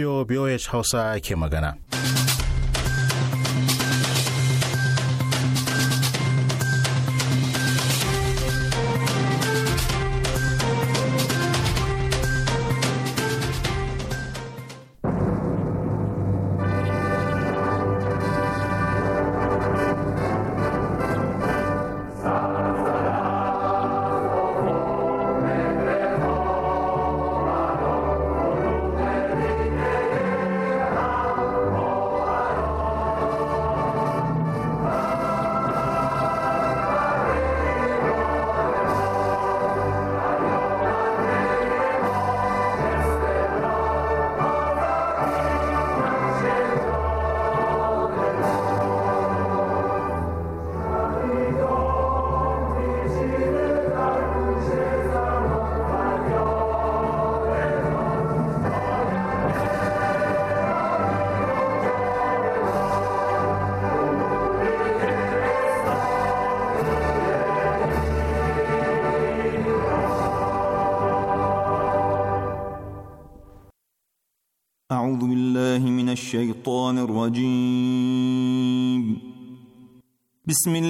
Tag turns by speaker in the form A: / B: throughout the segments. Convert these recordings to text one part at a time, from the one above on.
A: Biyo biyo ya hausa ke magana.
B: بسم الله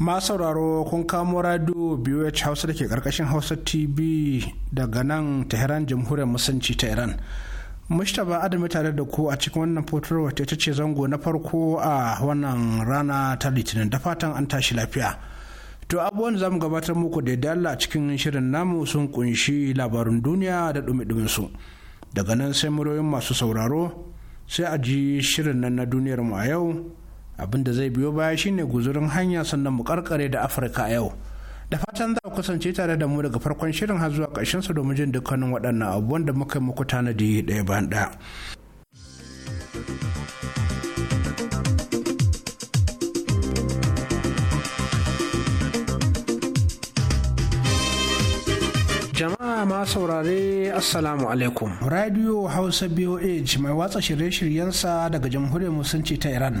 C: masu sauraro kun kamo radio BOH Hausa da ke karkashin Hausa TV daga nan Tehran Jamhuriyar Musulunci ta Iran. Mushtaba Adamu tare da ku a cikin wannan fotar wata ita ce zango na farko a wannan rana ta Litinin da fatan an tashi lafiya. To abubuwan za mu gabatar muku da dala a cikin shirin namu sun kunshi labarin duniya da dumi su. Daga nan sai muryoyin masu sauraro sai a ji shirin nan na duniyar mu a yau abin da zai biyo baya shine guzurin hanya sannan mu karkare da afirka a yau da fatan za ku kasance tare da mu daga farkon shirin har zuwa ƙarshen sa domin jin dukkanin waɗannan abubuwan da muka yi muku tanadi ɗaya bayan ɗaya. jama'a ma saurare assalamu alaikum radio hausa boh mai watsa shirye-shiryensa daga jamhuriyar musulunci ta iran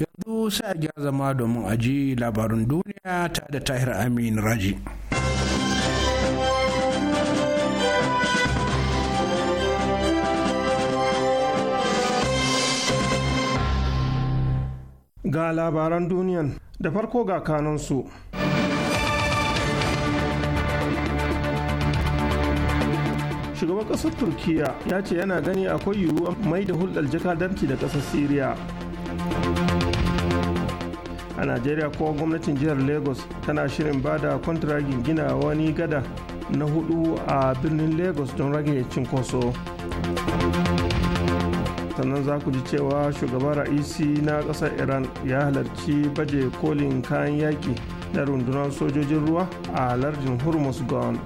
C: yanzu sai a gyara zama domin a ji labarin duniya ta da tahir amin raji
D: ga labaran duniyan da farko ga kanansu shugaban kasar turkiya ya ce yana gani akwai yiwuwar mai da hulɗar jakadanci da kasar syria a najeriya ko gwamnatin jihar lagos tana shirin ba da kwantiragin gina wani gada na hudu a birnin lagos don rage cinkoso sannan za ku ji cewa shugaban ra'isi na ƙasar iran ya halarci baje kolin kayan yaki na rundunar sojojin ruwa a lardin gon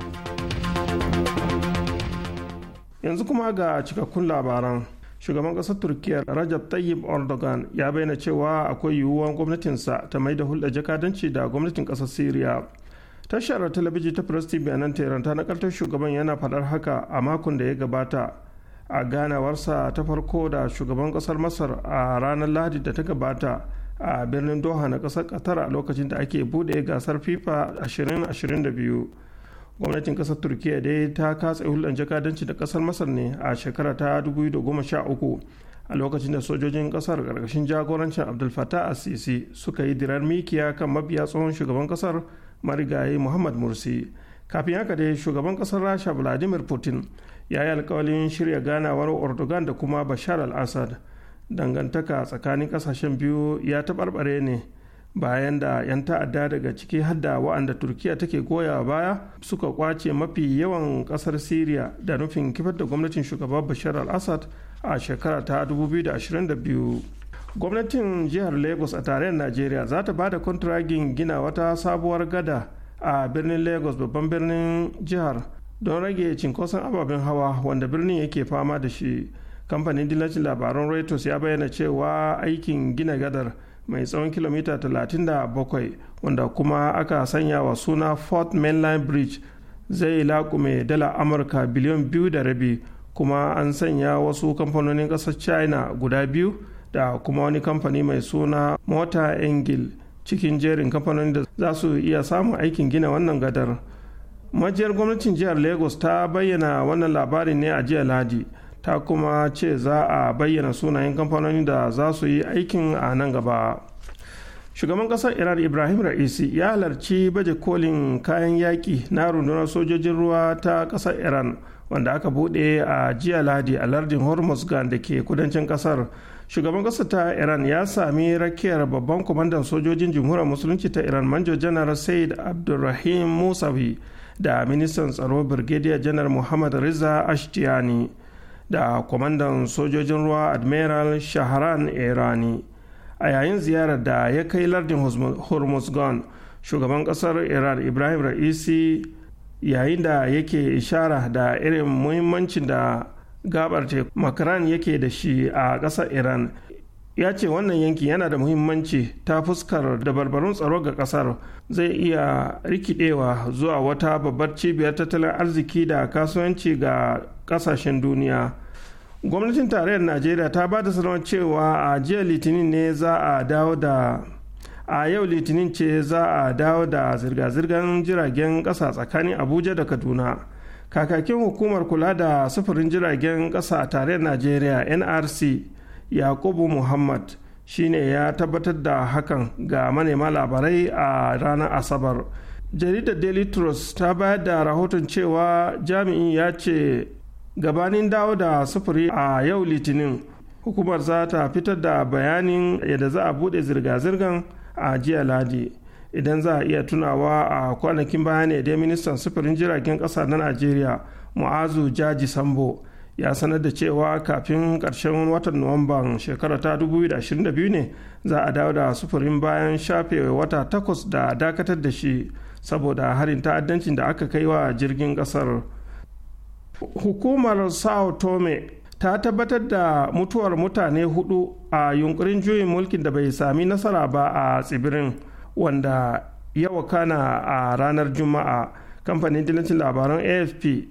D: yanzu kuma ga cikakkun labaran shugaban ƙasar turkiyya rajab tayyib erdogan ya bayyana cewa akwai yiwuwar gwamnatinsa ta mai da hulɗa jakadanci da gwamnatin ƙasar syria tashar talabijin ta press tv a nan tehran ta nakaltar shugaban yana faɗar haka a makon da ya gabata a ganawarsa ta farko da shugaban ƙasar masar a ranar lahadi da ta gabata a birnin doha na ƙasar qatar a lokacin da ake buɗe gasar fifa 2022 gwamnatin kasar turkiya dai ta katse hulɗar jakadanci da kasar masar ne a shekara ta 2013 a lokacin da sojojin kasar ƙarƙashin jagorancin abdul fatah assisi suka yi dirar mikiya kan mabiya tsohon shugaban kasar marigayi muhammad mursi kafin haka dai shugaban kasar rasha vladimir putin ya yi alkawalin shirya ganawar erdogan da kuma bashar al-assad dangantaka tsakanin kasashen biyu ya taɓarɓare ne bayan da 'yan ta'adda daga ciki hadda wa'anda turkiya take goya baya suka kwace mafi yawan kasar syria da nufin kifar da gwamnatin shugaba bashar al-assad a shekara ta 2022 gwamnatin jihar lagos a tarayyar najeriya za ta ba da kontragin gina wata sabuwar gada a birnin lagos babban birnin jihar don rage cinkoson ababen hawa wanda birnin yake fama da shi kamfanin dillacin labaran reuters ya bayyana cewa aikin gina gadar mai tsawon kilomita 37 wanda kuma aka sanya wa suna fort mainline bridge zai laƙume dala amurka biliyon biyu da rabi kuma an sanya wasu kamfanonin ƙasar china guda biyu da kuma wani kamfani mai suna mota engil cikin jerin kamfanonin da za su iya samun aikin gina wannan gadar majiyar gwamnatin jihar lagos ta bayyana wannan labarin ne a jiya ladi ta kuma ce za a bayyana sunayen kamfanoni da za su yi aikin a nan gaba shugaban kasar iran ibrahim ra'isi ya halarci baje kolin kayan yaƙi na rundunar sojojin ruwa ta kasar iran wanda aka buɗe a jiya ladi a lardin hormuzgan da ke kudancin kasar shugaban kasar ta iran ya sami rakiyar babban kwamandan sojojin jamhuriyar musulunci ta iran manjo janar said abdulrahim musawi da ministan tsaro brigadier janar muhammad riza ashtiani da kwamandan sojojin ruwa admiral shahran irani a yayin ziyarar da ya kai lardin hormuzgan shugaban kasar iran ibrahim ra'isi yayin da yake ishara da irin muhimmancin da gabar teku makaran yake da shi a kasar iran ya ce wannan yanki yana da muhimmanci ta fuskar dabarbarun tsaro ga kasar zai iya rikidewa zuwa wata babbar cibiyar tattalin arziki da kasuwanci ga kasashen duniya gwamnatin tarayyar najeriya ta ba da sanarwar cewa a jiya litinin ne za a dawo da a yau litinin ce za a dawo da zirga-zirgar jiragen ƙasa tsakanin abuja da kaduna kakakin hukumar kula da sufurin jiragen ƙasa a tarayyar najeriya nrc yakubu muhammad shine ya tabbatar da hakan ga manema labarai a ranar asabar jaridar daily trust ta bayar da rahoton cewa jami'in ya ce gabanin dawo da sufuri a yau litinin hukumar za ta fitar da bayanin yadda za a bude zirga-zirgan a jiya ladi idan za a iya tunawa a kwanakin bayan ne da ministan sufurin jiragen kasa na najeriya mu'azu jaji sambo ya sanar da cewa kafin karshen watan nuwamban shekara ta 2022 ne za a dawo da sufurin bayan shafe wata takwas da dakatar da shi saboda harin ta'addancin da aka kai wa jirgin ƙasar hukumar sao tome ta tabbatar da mutuwar mutane hudu a yunkurin juyin mulkin da bai sami nasara ba a tsibirin wanda ya kana a ranar juma'a kamfanin dillancin labaran afp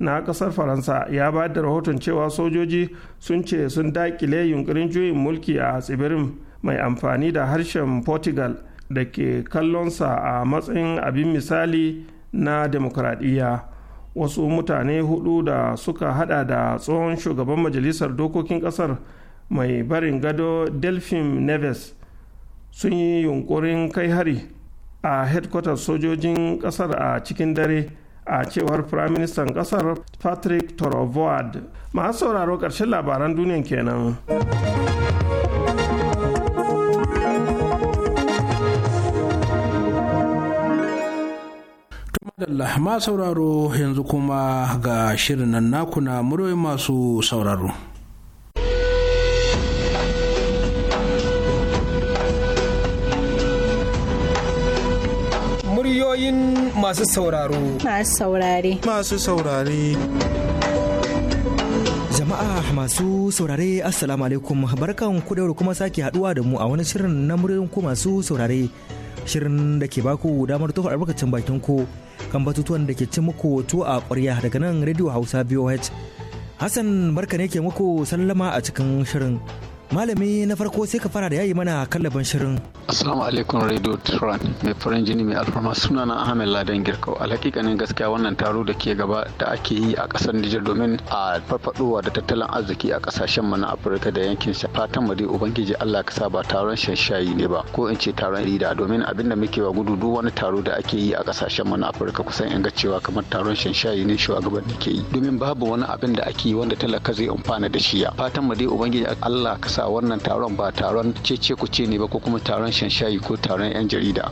D: na kasar faransa ya ba da rahoton cewa sojoji sun ce sun dakile yunkurin juyin mulki a tsibirin mai amfani da harshen portugal da ke kallonsa a matsayin abin misali na demokradiyya wasu mutane hudu da suka hada da tsohon shugaban majalisar dokokin kasar mai barin gado delphine neves sun yi yunkurin kai hari a headquarters sojojin kasar a cikin dare a cewar firaministan kasar patrick torovoad masu sauraro karshen labaran duniyan kenan.
C: Allah ma sauraro yanzu kuma ga shirin nan naku na muryoyin masu sauraro.
E: Muryoyin masu sauraro.
B: Masu saurare.
E: Masu saurare. Jama'a masu saurare Assalamu alaikum barkan ku da kuma sake haduwa da mu a wani shirin na muryoyin ku masu saurare. shirin da ke baku damar tofa albarkacin bakin ku kan batutuwan da ke ci muku tu a ƙwarya daga nan Radio Hausa VOH. Hassan barka ne ke muku sallama a cikin shirin malami na farko sai ka fara da yayi mana kallaban shirin assalamu alaikum radio mai farin jini mai alfarma suna na ahmed ladan girkau a hakikanin gaskiya wannan taro da ke gaba da ake yi a kasar nijar domin a farfadowa da tattalin arziki a kasashen mu na afirka da yankin sa fatan mu dai ubangiji allah ka sa ba taron shanshayi ne ba ko in ce taron rida domin abinda muke wa gudu duk wani taro da ake yi a kasashen mu na afirka kusan in ga cewa kamar taron shanshayi ne shugaban da ke yi domin babu wani abin da ake yi wanda talaka zai amfana da shi ya fatan mu dai ubangiji allah ka sa wannan taron ba taron cece ku ce ne ba ko kuma taron shayi ko taron 'yan jarida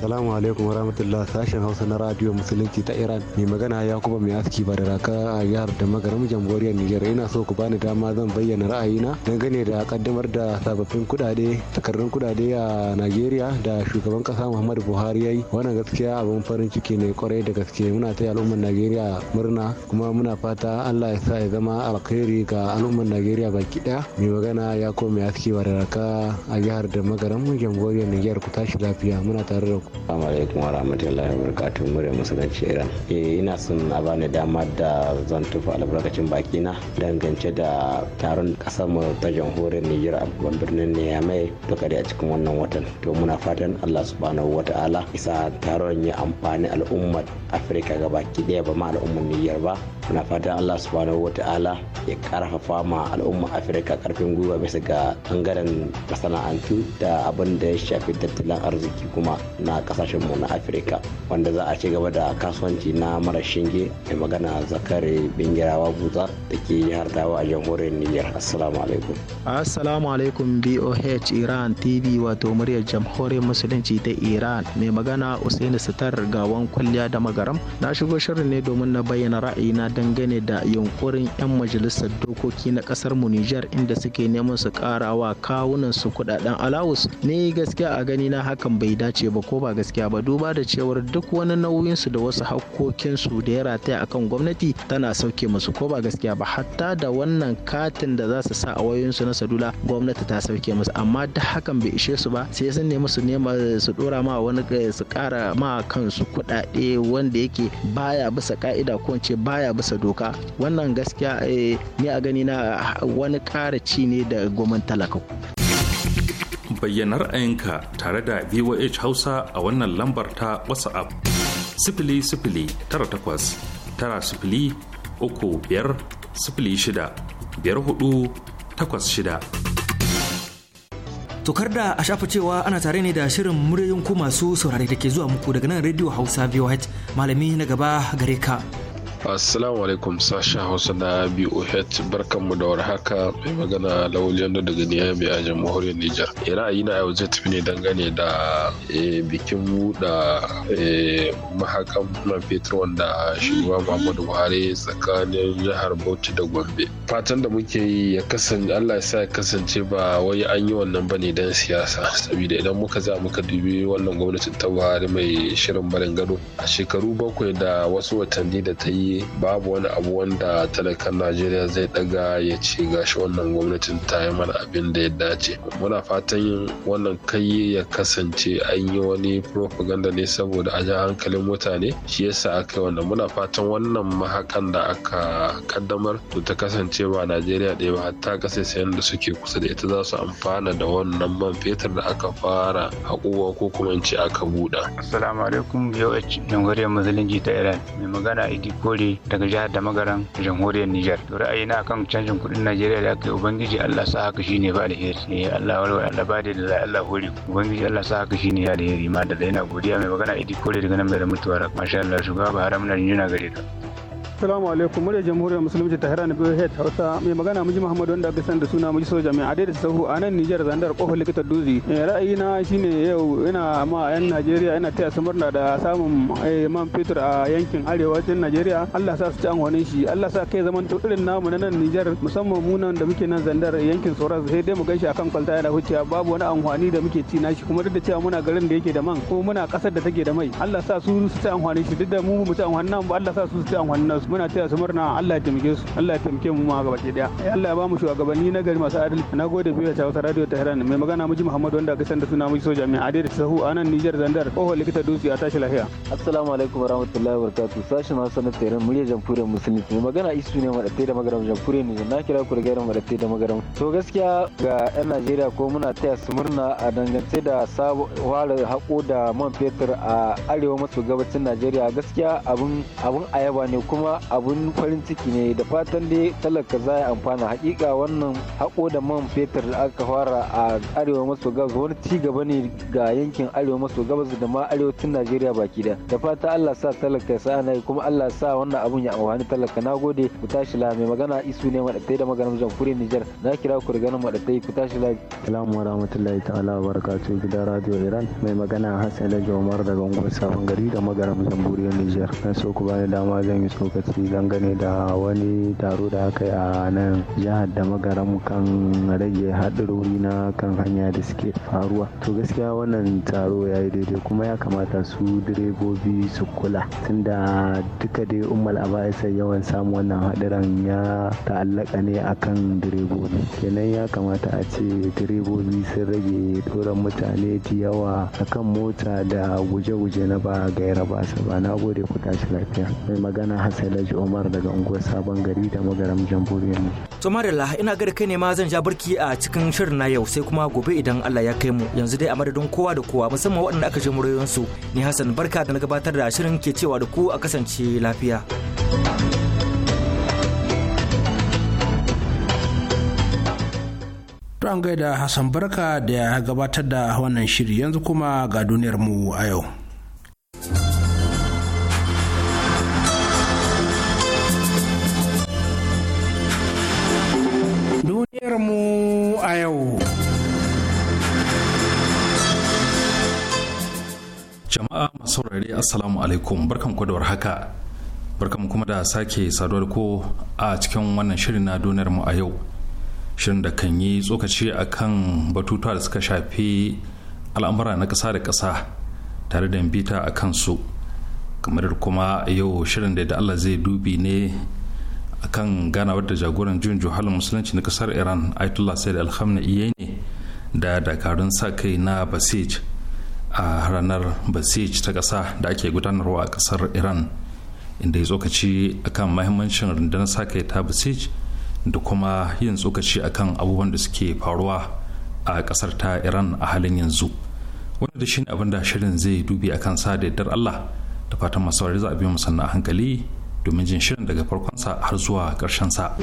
E: Assalamu alaikum rahmatullah sashen Hausa na Radio Musulunci ta Iran. Mai magana ya kuma mai aski ba da raka a yar da magaram jamhuriyar Nijar. Ina so ku bani dama zan bayyana
C: ra'ayina dangane da kaddamar da sababbin kudade, takardun kudade a Najeriya da shugaban kasa Muhammadu Buhari yayi. Wannan gaskiya abin farin ciki ne kwarai da gaske. Muna taya al'ummar Najeriya murna kuma muna fata Allah ya sa ya zama alkhairi ga al'ummar Najeriya baki daya. Mai magana ya kuma mai aski ba da raka a yar da magaram jamhuriyar Nijar ku tashi lafiya muna tare da ku.
E: Assalamu alaikum wa rahmatullahi wa murya musulunci Iran. Eh, ina son a bani dama da zan tufa albarkacin bakina dangance da taron kasar mu ta jamhuriyar Nijar a babban birnin Niamey da kare a cikin wannan watan. To muna fatan Allah subhanahu wa ta'ala isa taron ya amfani al'ummar Afirka baki daya ba ma al'ummar Nijar ba. Muna fatan Allah subhanahu wa ta'ala ya karfafa ma al'ummar Afirka karfin gwiwa bisa ga bangaren masana'antu da abin da ya shafi tattalin arziki kuma na kasashen mu na afirka wanda za a ci gaba da kasuwanci na mara shinge mai magana zakare bingirawa buza da ke jihar dawa a jamhuriyar niger
F: assalamu alaikum
E: assalamu alaikum boh iran tv wato muryar jamhuriyar musulunci ta iran mai magana usaini sitar gawan kwalliya da magaram na shigo shirin ne domin na bayyana ra'ayina dangane da yunkurin 'yan majalisar dokoki na kasar mu niger inda suke neman su karawa kawunan su kudaden alawus ni gaskiya a gani na hakan bai dace ba ko ba ba gaskiya ba duba da cewar duk wani nauyinsu da wasu hakkokinsu da ya rataya akan gwamnati tana sauke musu ko ba gaskiya ba hatta da wannan katin da za su sa a wayoyinsu na sadula gwamnati ta sauke musu amma duk hakan bai ishe su ba sai sun nemi su nema su dora ma wani su kara ma kansu kuɗaɗe wanda yake baya bisa ka'ida ko ce baya bisa doka wannan gaskiya eh, ni a gani na wani ƙara ci ne da gwamnati talaka
G: bayyana ra'ayinka tare da voh hausa a wannan lambar ta whatsapp sifili sifili tara takwas tara sifili uku biyar sifili shida biyar hudu takwas shida
E: tokar da a shafa cewa ana tare ne da shirin muryoyin ku masu saurare da ke zuwa muku daga nan radio hausa voh malami na gaba gare ka
F: assalamu alaikum sashen hausa na biyu barkan mu da haka mai magana lauliyar daga niyami a jamhuriyar nijar eh, ra'ayi na yau zai tafi ne dangane da eh, bikin buɗa eh, mahakan man fetur wanda shugaba muhammadu buhari tsakanin jihar bauchi da gombe fatan da muke yi ya kasance allah ya sa ya kasance ba wai an yi wannan ba ne don siyasa saboda idan muka za muka dubi wannan gwamnatin ta buhari mai shirin barin gado a shekaru bakwai da wasu watanni da ta yi yi babu wani abu wanda talakan najeriya zai daga ya ce gashi wannan gwamnatin ta yi mana abin da ya dace muna fatan yin wannan kai ya kasance an yi wani propaganda ne saboda a ja hankalin mutane shi yasa aka yi wannan muna fatan wannan mahakan da aka kaddamar to ta kasance ba najeriya ɗaya ba hatta ƙasashen da suke kusa da ita za su amfana da wannan man fetur da aka fara haƙuwa ko kuma in ce aka buɗa.
E: assalamu alaikum voh jamhuriyar musulunci ta iran mai magana idi kori Kadori daga jihar da magaran jamhuriyar Nijar. To ra'ayina kan canjin kuɗin Najeriya da aka yi Ubangiji Allah sa haka ne ba alheri. Eh Allah warware Allah ba da Allah hore. Ubangiji Allah sa haka ne ya alheri ma da ina godiya mai magana Idi Kore daga nan mai da mutuwar. Masha Allah shugaba Haram na gare ka.
D: Assalamu alaikum murya jamhuriyar musulunci ta Iran head Hausa mai magana miji Muhammadu wanda aka da suna miji soja mai adai da sahu a nan Nijar zandar kofar likita Duzi. Eh, shi shine yau ina ma yan Najeriya ina taya su murna da samun eh, man fetur a yankin arewacin Najeriya. Allah sa su ci amfanin shi. Allah sa kai zaman irin namu na nan Nijar musamman mu nan da muke nan zandar yankin Soras sai dai mu gaishe akan kwalta yana huciya babu wani amfani da muke ci nashi kuma duk da cewa muna garin da yake da man kuma muna kasar da take da mai. Allah sa su su ci amfanin shi duk da mu mu ci amfanin nan ba Allah sa su su ci amfanin nasu. muna taya su murna Allah ya taimake su Allah ya taimake mu ma gaba ke daya
A: eh, Allah ya ba mu shugabanni
D: na gari masu adalci na gode biyu ta wata radio Tehran mai magana miji Muhammad wanda aka sanda suna miji soja mai adai da sahu a nan Niger Zandar kohon likita dutse a tashi lafiya
F: assalamu alaikum warahmatullahi wabarakatuh sashin Hausa na
E: Tehran muryar jamhuriyar musulmi mai magana isu ne madatai da magaram jamhuriyar Niger na kira ku da gairan madatai da magaram to gaskiya ga yan Najeriya ko muna taya su murna a dangance da sabo ware hako da man fetur a arewa maso gabacin Najeriya gaskiya abun abun ayaba ne kuma abun farin ciki ne da fatan dai talaka za a amfana hakika wannan hako da man fetur da aka fara a arewa maso gabas wani ci gaba ne ga yankin arewa maso gabas da ma arewacin najeriya baki da da fata allah sa talaka sa na kuma allah sa wannan abun ya amfani talaka na gode ku tashi la mai magana isu ne madatai da maganar jamhuriyar nijar na kira ku daga nan madatai ku tashi la salamu wa rahmatullahi ta'ala wa barakatuh gidan radio iran mai magana hassan lajo umar daga unguwar sabon gari da maganar jamhuriyar nijar na so ku bani dama zan yi tsokaci shi dangane da wani taro da aka yi a nan jihar da magaram kan rage haɗarori na kan hanya da suke faruwa to gaskiya wannan taro ya yi daidai kuma ya kamata su direbobi su kula tunda duka dai ummal abaisa yawan samun wannan haɗarin ya ta'allaka ne akan direbobi kenan ya kamata a ce direbobi sun rage doron mutane da yawa kan mota da guje-guje na ba gaira ba na gode ku tashi lafiya mai magana hasali Alhaji Umar daga unguwar Sabon Gari da magaram jamhuriyar Nijar. To Marilla ina ga kai ne ma zan ja barki a cikin shirin na yau sai kuma gobe idan Allah ya kai mu yanzu dai a madadin kowa da kowa musamman waɗanda aka ji muryoyin su ni Hassan barka da na gabatar da shirin ke cewa da ku a kasance lafiya.
C: To an gaida Hassan barka da ya gabatar da wannan shiri yanzu kuma ga duniyar mu a yau.
G: mu a yau. Jama'a masu rari Assalamu alaikum barkan ku da haka Barkan kuma da sake saduwar ko a cikin wannan shirin na donar mu a yau. Shirin da kan yi tsokaci a kan batutuwa da suka shafi al'amura na ƙasa da ƙasa tare da bita a kansu. kamar kuma yau shirin da da Allah zai dubi ne akan ganawar da jagoran juyin juhalin musulunci na kasar iran ayatollah said alhamdulillah ne da dakarun sa kai na basij a ranar basij ta kasa da ake gudanarwa a kasar iran inda ya tsokaci akan mahimmancin rundunar sa kai ta basij da kuma yin tsokaci akan abubuwan da suke faruwa a ƙasar ta iran a halin yanzu wanda da shi ne abin da shirin zai dubi akan sa da yardar allah da fatan masu za a biyu musanna hankali domin jin shirin daga farkonsa har zuwa sa.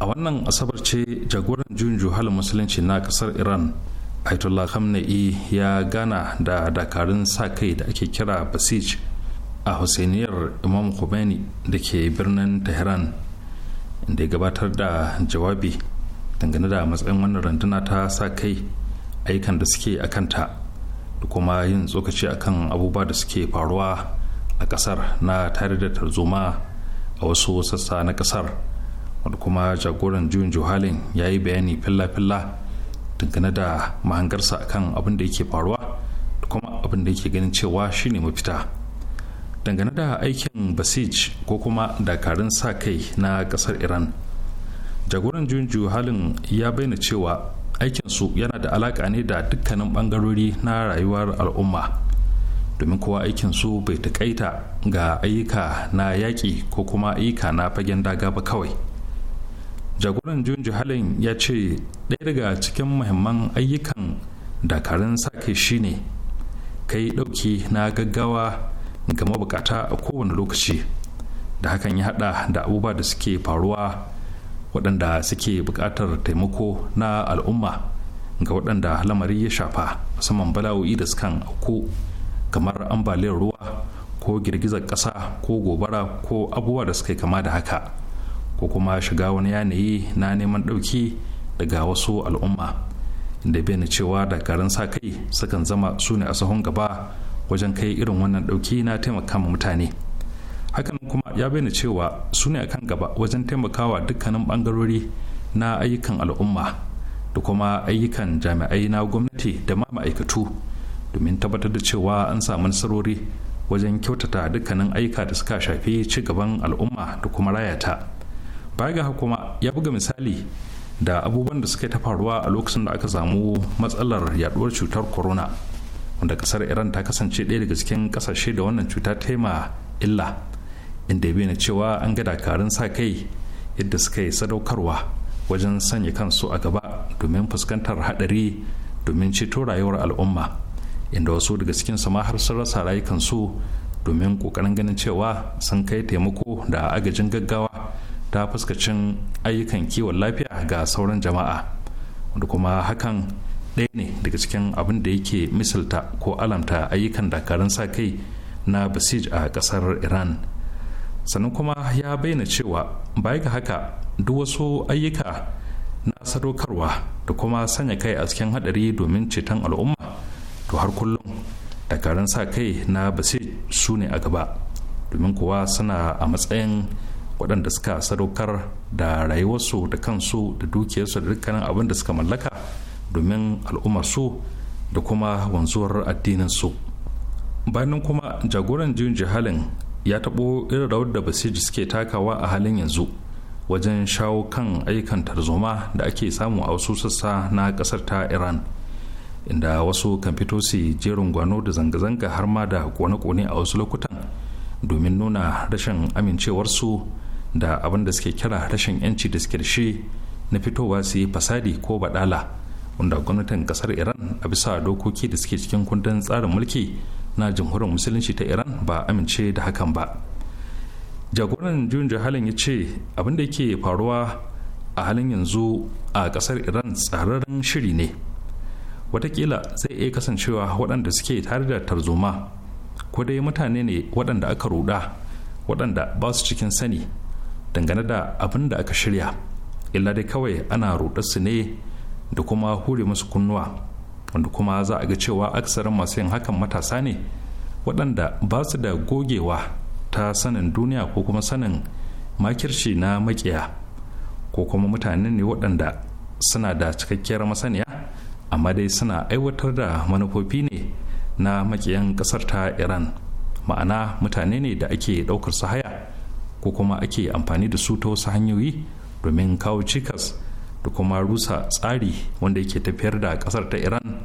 G: a wannan asabar ce jagoran juyin juhalin musulunci na kasar iran Aitullah Khamenei ya gana da dakarun sa-kai da ake kira Basij a Hussainiyar Imam Khomeini da ke birnin Tehran da ya gabatar da jawabi dangane da matsayin wannan rantuna ta sa kai aikan da suke a kanta da kuma yin tsokaci kan abubuwa da suke faruwa a kasar na tare da tarzoma a wasu sassa na kasar wadda kuma jagoran juyin juhalin ya yi bayani filla-filla dangane da mahangarsa a kan abin da yake faruwa da kuma abin da yake ganin cewa shine mafita dangane da aikin basij ko kuma dakarun sa kai na kasar iran jagoran junju halin ya bayyana cewa aikinsu yana da alaka ne da dukkanin bangarori na rayuwar al'umma domin kowa aikin su bai taƙaita ga ayyuka na yaƙi ko kuma ayyuka na fagen daga ba kawai jagoran junju halin ya ce ɗaya daga cikin muhimman ayyukan dakarun sake shine kai ɗauki na gaggawa ga mabukata a kowane lokaci da hakan ya haɗa da abubuwa da suke faruwa waɗanda suke buƙatar taimako na al'umma ga waɗanda lamari ya shafa musamman bala'o'i da sukan ko kamar ambaliyar ruwa ko girgizar ƙasa ko gobara ko abubuwa da suka kama da haka ko kuma shiga wani yanayi na neman ɗauki daga wasu al'umma da bayyana cewa garin sa kai sukan zama su ne a sahun gaba wajen kai irin wannan ɗauki na taimaka mutane hakan kuma ya bayyana cewa su ne kan gaba wajen taimakawa dukkanin bangarori na ayyukan al'umma da kuma ayyukan jami'ai na gwamnati da ma ma'aikatu domin tabbatar da cewa an samu nasarori wajen kyautata dukkanin ayyuka da suka shafi ci gaban al'umma da kuma rayata baya ga kuma ya buga misali da abubuwan da suka ta faruwa a lokacin da aka samu matsalar yaduwar cutar corona wanda kasar iran ta kasance ɗaya daga cikin kasashe da wannan cuta ta illa inda ya bayyana cewa an ga dakarun sa kai yadda suka yi sadaukarwa wajen sanya kansu a gaba domin fuskantar hadari domin ceto rayuwar al'umma inda wasu daga cikin ma har sun rasa rayukansu domin kokarin ganin cewa sun kai taimako da agajin gaggawa ta fuskacin ayyukan kiwon lafiya ga sauran jama'a wanda kuma hakan ɗaya ne daga cikin abin da yake misalta ko alamta ayyukan dakarun sa kai na basij a ƙasar iran sannan kuma ya bayyana cewa baya ga haka duk wasu ayyuka na sadaukarwa da kuma sanya kai a cikin hadari domin ceton al'umma to har kullum dakarun sa kai na basi su ne a gaba domin kuwa suna a matsayin waɗanda suka sadaukar da rayuwarsu da kansu da dukiyarsu da dukkanin abin da suka mallaka domin al'ummarsu da kuma wanzuwar addininsu bayan kuma jagoran juyin jihalin ya taɓo irin rawar da basiji suke takawa a halin yanzu wajen shawo kan aikan tarzoma da ake samu a wasu sassa na ƙasar ta iran inda wasu kan fito su je gwano da zanga-zanga har ma da kone-kone a wasu lokutan domin nuna rashin amincewarsu da abin da suke kira rashin yanci da suke shi na fitowa su yi fasadi ko badala wanda gwamnatin ƙasar iran a bisa dokoki da suke cikin kundin tsarin mulki na jamhuriyar musulunci ta iran ba amince da hakan ba jagoran juyin halin ya ce abin da yake faruwa a halin yanzu a kasar iran tsararren shiri ne watakila zai iya kasancewa waɗanda suke tare da tarzoma ko dai mutane ne waɗanda aka ruda waɗanda ba su cikin sani dangane da abin da aka shirya illa dai kawai ana su ne da kuma hure musu kunnuwa wanda kuma za a ga cewa aksarin masu yin hakan matasa ne waɗanda ba su da gogewa ta sanin duniya ko kuma sanin makirci na makiya ko kuma mutane ne waɗanda suna da cikakkiyar masaniya amma dai suna aiwatar da manufofi ne na makiyan ƙasar ta iran ma'ana mutane ne da ake ɗaukar su haya ko kuma ake amfani da su ta wasu hanyoyi domin kawo cikas da kuma rusa tsari wanda yake tafiyar da kasar ta iran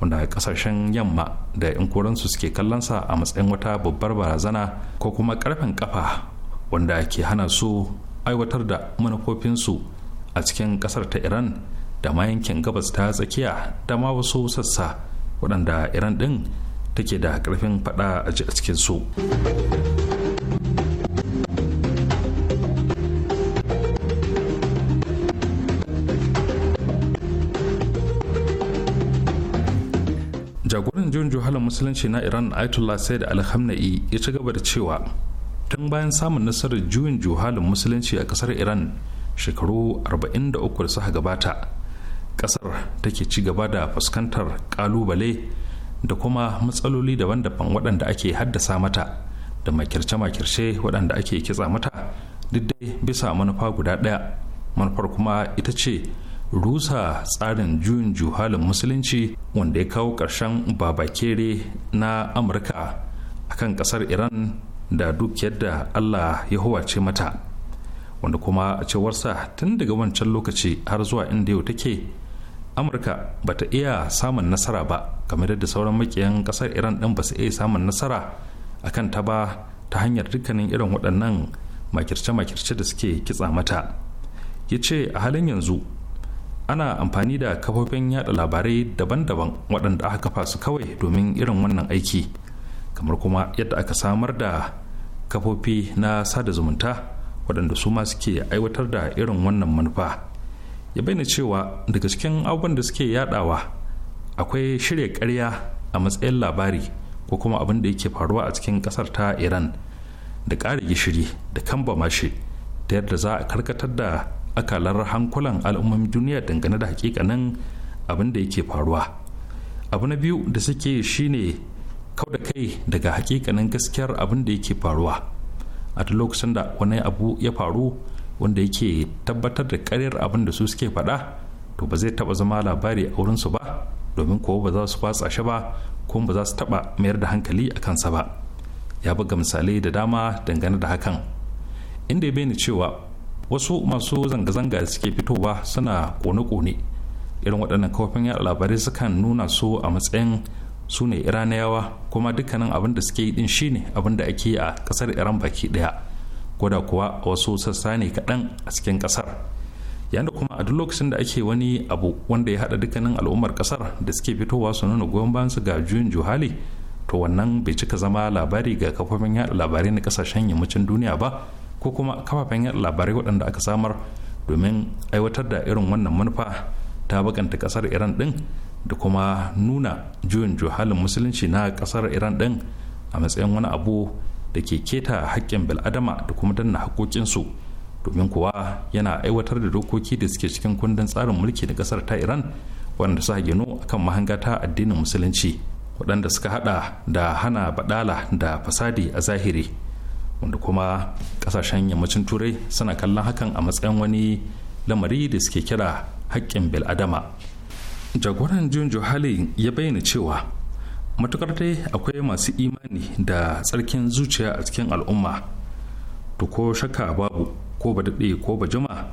G: wanda kasashen yamma da 'yan koransu suke kallonsa a matsayin wata babbar barazana ko kuma karfin kafa wanda ke hana su aiwatar da manufofinsu a cikin kasar ta iran da ma yankin gabas ta tsakiya da ma wasu sassa waɗanda iran ɗin take da ƙarfin faɗa a cikinsu. su sojojin juhalin musulunci na iran ayatollah said alhamna'i ya ci gaba da cewa tun bayan samun nasarar juyin juhalin musulunci a kasar iran shekaru 43 da suka gabata kasar take ci gaba da fuskantar kalubale da kuma matsaloli daban-daban waɗanda ake haddasa mata da makirce-makirce waɗanda ake kitsa mata duk dai bisa manufa guda ɗaya manufar kuma ita ce rusa tsarin juyin juhalin musulunci wanda ya kawo ƙarshen babakere na amurka a kan ƙasar iran da duk yadda allah ya huwace mata wanda kuma a cewarsa tun daga wancan lokaci har zuwa inda yau take amurka ba ta iya samun nasara ba kamar da sauran makiyan ƙasar iran ɗin ba su iya samun nasara a kan ta ba ta hanyar dukkanin irin waɗannan makirce-makirce da suke kitsa mata ya ce a halin yanzu ana amfani da kafofin yada labarai daban-daban waɗanda aka kafa su kawai domin irin wannan aiki kamar kuma yadda aka samar da kafofi na sada zumunta waɗanda su ma suke aiwatar da irin wannan manufa ya bayyana cewa daga cikin abubuwan da suke yadawa akwai shirya karya a matsayin labari ko kuma abin da yake faruwa a cikin ƙasar ta iran da ƙara gishiri da kamba mashi ta yadda za a karkatar da akalar hankulan al'ummar duniya dangane da hakikanin abin da yake faruwa abu na biyu da suke shine kau da kai daga hakikanin gaskiyar abin da yake faruwa a duk lokacin da wani abu ya faru wanda yake tabbatar da karyar abin da su suke faɗa to ba zai taba zama labari a wurinsu ba domin kowa ba za su kwatsa shi ba kuma ba za su taba mayar da hankali a kansa ba ya buga misalai da dama dangane da hakan inda ya bayyana cewa wasu masu zanga-zanga suke fitowa suna kone-kone irin waɗannan kafofin yaɗa labarai sukan nuna su a matsayin su ne iraniyawa kuma dukkanin abin da suke yi din shine abin da ake yi a ƙasar iran baki ɗaya koda kuwa wasu sassa ne kaɗan a cikin kasar yanda kuma a duk lokacin da ake wani abu wanda ya haɗa dukkanin al'ummar ƙasar da suke fitowa su nuna goyon bayan su ga juyin juhali to wannan bai cika zama labari ga kafofin yaɗa labarai na ƙasashen yammacin duniya ba ko kuma kafafen yada labarai waɗanda aka samar domin aiwatar da irin wannan manufa ta bakanta kasar iran ɗin da kuma nuna juyin juhalin musulunci na kasar iran ɗin a matsayin wani abu da ke keta haƙƙin bil'adama da kuma danna haƙoƙinsu domin kuwa yana aiwatar da dokoki da suke cikin kundin tsarin mulki na kasar ta iran wanda sa gino akan mahanga ta addinin musulunci waɗanda suka haɗa da hana baɗala da fasadi a zahiri wanda kuma kasashen yammacin turai suna kallon hakan a matsayin wani lamari da suke kira haƙƙin bil'adama jagoran junjo hali ya bayyana cewa matukar dai akwai masu imani da tsarkin zuciya a cikin al'umma to ko shakka babu ko ba daɗe ko ba jima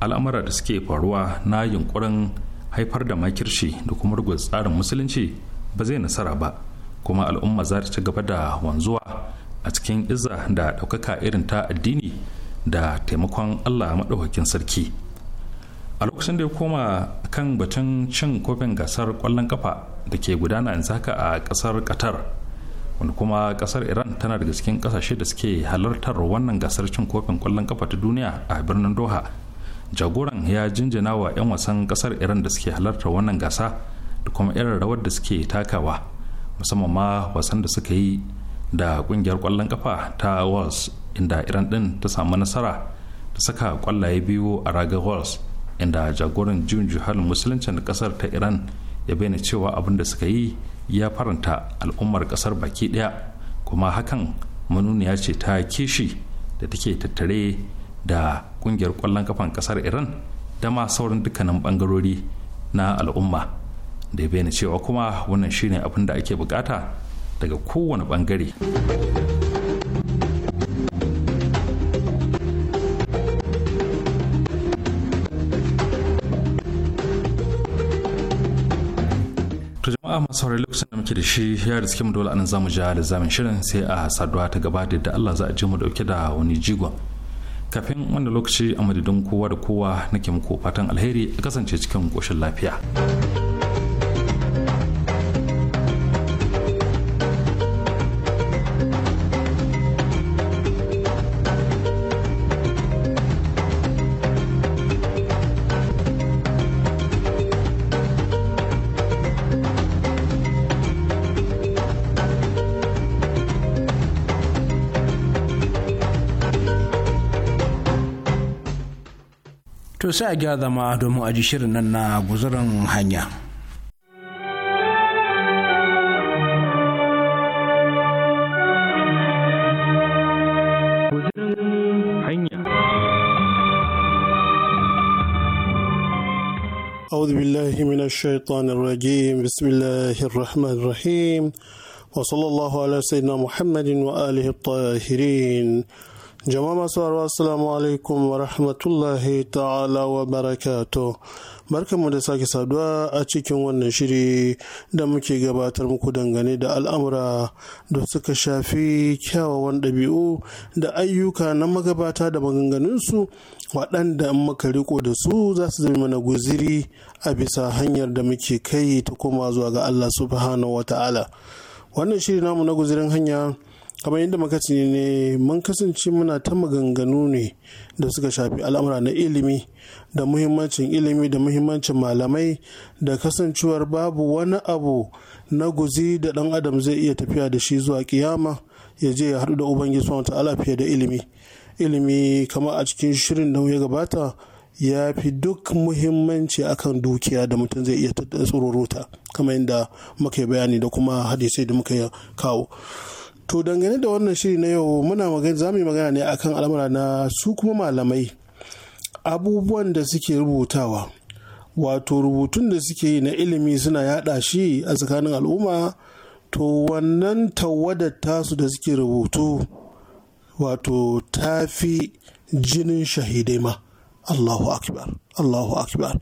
G: al'amura da suke faruwa na yunkurin haifar da makirci da kuma rugu tsarin musulunci ba zai nasara ba kuma al'umma za ta ci gaba da wanzuwa a cikin izza da ɗaukaka irin ta addini da taimakon allah maɗaukakin sarki a lokacin da ya koma kan batun cin kofin gasar ƙwallon kafa da ke gudana yanzu haka a ƙasar qatar wanda kuma ƙasar iran tana daga cikin ƙasashe da suke halartar wannan gasar cin kofin ƙwallon kafa ta duniya a birnin doha jagoran ya jinjina wa 'yan wasan ƙasar iran da suke halartar wannan gasa da kuma irin rawar da suke takawa musamman ma wasan da suka yi da kungiyar kwallon kafa ta wales inda iran din ta samu nasara ta saka kwallaye biyu a raga wales inda jagoran jin juhalin musuluncin kasar ta iran ya bayyana cewa abin da suka yi ya faranta al'ummar kasar baki daya kuma hakan manuniya ce ta kishi da take tattare da kungiyar kwallon kafan kasar iran da ma sauran dukkanin bangarori na al'umma da ya bayyana cewa kuma wannan shine abin da ake bukata daga kowane bangare. To jama'a masu lokacin da muke da shi ya da mu dole anan zamu ja da zamin shirin sai a saduwa ta gaba da yadda Allah za a ji mu dauke da wani jigon. Kafin wanda lokaci a madadin kowa da kowa nake muku fatan alheri a kasance cikin koshin lafiya.
C: to sai a gyara zama domin aji shirin nan na guzurin hanya.
A: أعوذ بالله من الشيطان الرجيم بسم الله الرحمن الرحيم وصلى الله على سيدنا محمد وآله الطاهرين jama'a masu warwa assalamu alaikum wa rahmatullahi ta'ala wa barakato barkanmu da sake saduwa a cikin wannan shiri da muke gabatar muku dangane da al'amura da suka shafi kyawawan ɗabi'u da ayyuka na magabata da maganganunsu waɗanda muka riko da su za su zama mana guziri a bisa hanyar da muke kai ta koma zuwa ga allah subhanahu wa ta'ala wannan shiri namu na guzirin hanya kamar yadda muka ce ne mun kasance muna ta maganganu ne da suka shafi al'amura na ilimi da muhimmancin ilimi da muhimmancin malamai da kasancewar babu wani abu na guzi da dan adam zai iya tafiya da shi zuwa kiyama ya je ya haɗu da ubangiji suna ta fiye da ilimi ilimi kamar a cikin shirin da ya gabata ya fi duk muhimmanci akan dukiya da mutum zai iya tsororota kamar yadda muka bayani da kuma hadisai da muka kawo To dangane da wannan shiri na yau muna magana za mu yi magana ne akan al'amura na su kuma malamai abubuwan da suke rubutawa wato rubutun da suke yi na ilimi suna yada shi a tsakanin al'umma to wannan tawadar tasu da suke rubutu wato ta fi jinin shahidai ma Allahu akbar Allahu akbar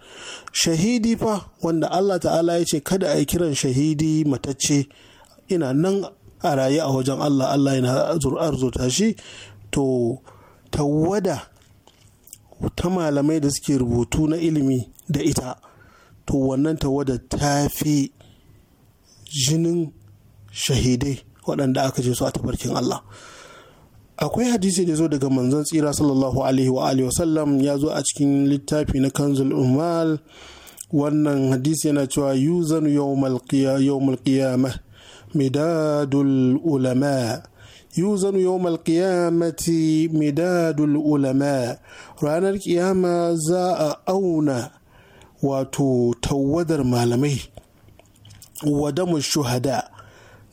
A: shahidi fa wanda Allah ta'ala ya ce kada a yi kiran shahidi matacce ina nan a rayu a wajen Allah Allah yana arzuta shi to tawada ta malamai da suke rubutu na ilimi da ita to wannan tawada ta fi jinin shahidai waɗanda aka je su a tabarkin Allah akwai hadisi da zo daga manzon tsira sallallahu alaihi wa alihi wasallam ya zo a cikin littafi na kanzul umal wannan hadisi yana cewa yuzanu yawmal qiyamah مداد العلماء يوزن يوم القيامة مداد العلماء رانا القيامة زاء أونا واتو تودر مالمي ودم الشهداء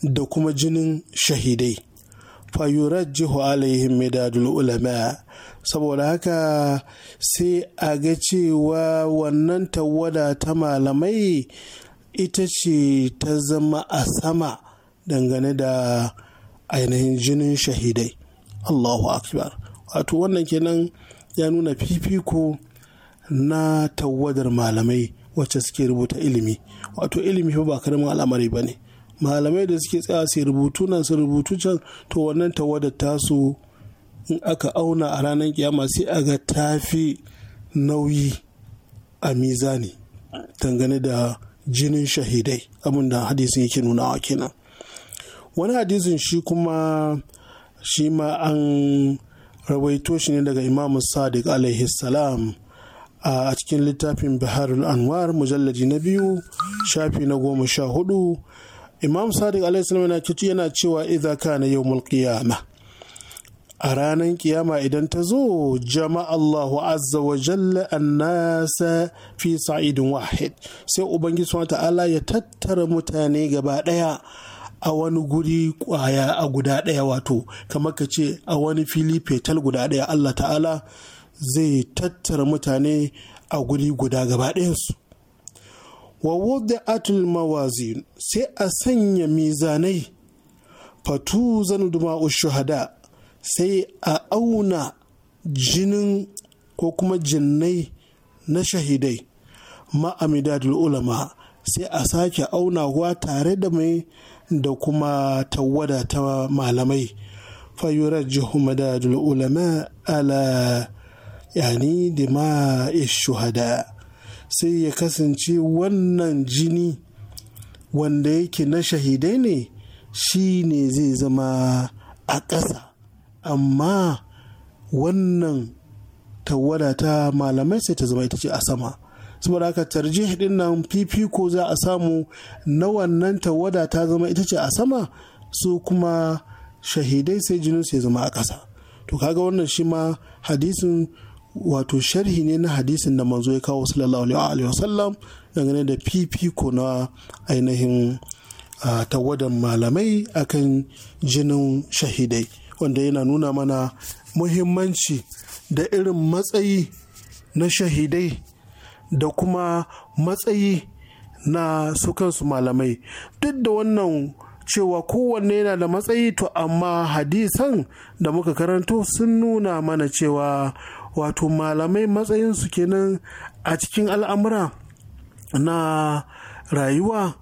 A: دكما جنين شهيدي fayurajjihu عليهم مداد العلماء saboda haka sai a ga cewa wannan tawada ta malamai ita ce ta zama a sama dangane da ainihin jinin shahidai allahu akbar wato wannan kenan ya nuna fifiko na tawadar malamai wacce suke rubuta ilimi wato ilimi fa ba karamin al'amari ba ne malamai da suke tsaya su rubutu nan su rubutu can to wannan tawadar tasu in aka auna a ranar kiyama sai a ga tafi nauyi a mizani dangane da jinin shahidai abinda hadisin yake nunawa kenan wani hadisin shi kuma shi ma an rawaito shi ne daga imam sadiq alaihi salam a cikin littafin baharul anwar mujallaji na biyu shafi na goma sha hudu imam sadiq alaihi salam yana cewa idza kana yawmul qiyamah a ranar kiyama idan ta zo jama'a Allahu azza wa jalla annasa fi sa'idin wahid sai ubangiji subhanahu ta'ala ya tattara mutane gaba daya a wani guri kwaya a guda ɗaya wato kamar ka ce a wani fili fetal guda ɗaya Allah ta'ala zai tattara mutane a guri guda gaba ɗayansu wa atul mawazin sai a sanya mizanai fatu zanu shuhada sai a auna jinin ko kuma jinnai na shahidai ma'amidadul ulama sai a sake aunawa tare da mai da kuma tawada ta malamai fayurajjihu madadul ulama ala yani ma shuhada sai ya kasance wannan jini wanda yake na shahidai ne shi ne zai zama a ƙasa amma wannan tawada ta malamai sai ta zama ita ce a sama saboda haka tarjih din nan fifiko za a samu na wannan tawada ta zama ita ce a sama su kuma shahidai sai jinin su ya zama a ƙasa to kaga wannan shi ma hadisin wato sharhi ne na hadisin da manzo ya kawo sallallahu alaihi sallam dangane da fifiko na ainihin tawadan malamai akan jinin shahidai wanda yana nuna mana muhimmanci da irin matsayi na shahidai da kuma matsayi na su kansu malamai duk da wannan cewa kowanne yana da matsayi to amma hadisan da muka karanto sun nuna mana cewa wato malamai matsayin matsayinsu kenan a cikin al'amura na rayuwa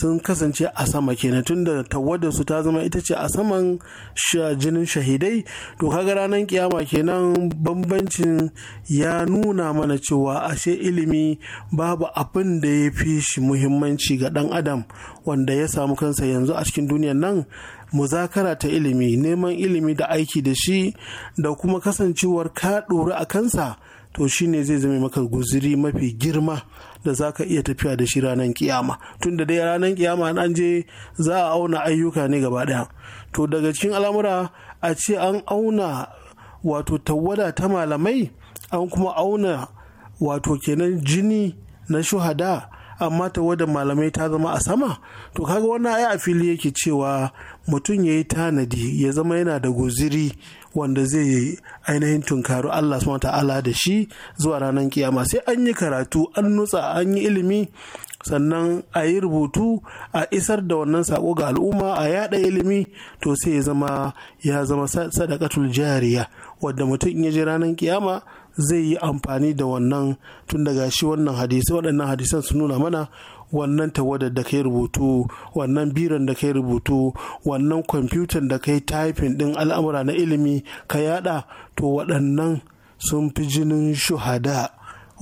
A: sun kasance a sama kenan tunda tawada su ta zama ita ce a saman jinin shahidai to kaga ranar kiyama kenan bambancin ya nuna mana cewa ashe ilimi babu abin da ya fi shi muhimmanci ga dan adam wanda ya samu kansa yanzu a cikin duniyar nan muzakara ta ilimi neman ilimi da aiki da shi da kuma kasancewar ka ɗori a kansa to shine zai zama maka guziri mafi girma da za ka iya tafiya da shi ranar kiyama tun da dai ranar kiyama an je za a auna ayyuka ne gaba ɗaya to daga cikin al'amura a ce an auna wato tawada ta malamai an kuma auna wato kenan jini na shuhada amma tawadar malamai ta zama a sama to kaga wani ai a fili yake cewa mutum ya yi tanadi ya zama yana da guziri wanda zai yi ainihin tunkaru Allah su ta'ala da shi zuwa ranar kiyama sai an yi karatu an nutsa an yi ilimi sannan a yi rubutu a isar da wannan sako ga al'umma a yada ilimi to sai ya zama ya zama sadakatul jariya wadda mutum ya ji ranar kiyama zai yi amfani da wannan tun daga shi wannan hadisi waɗannan hadisan su nuna mana wannan tawadar da kai rubutu wannan biran da kai rubutu wannan kwamfutan da kai taifin ɗin al'amura na ilimi ka yada to waɗannan sun fi jinin shuhada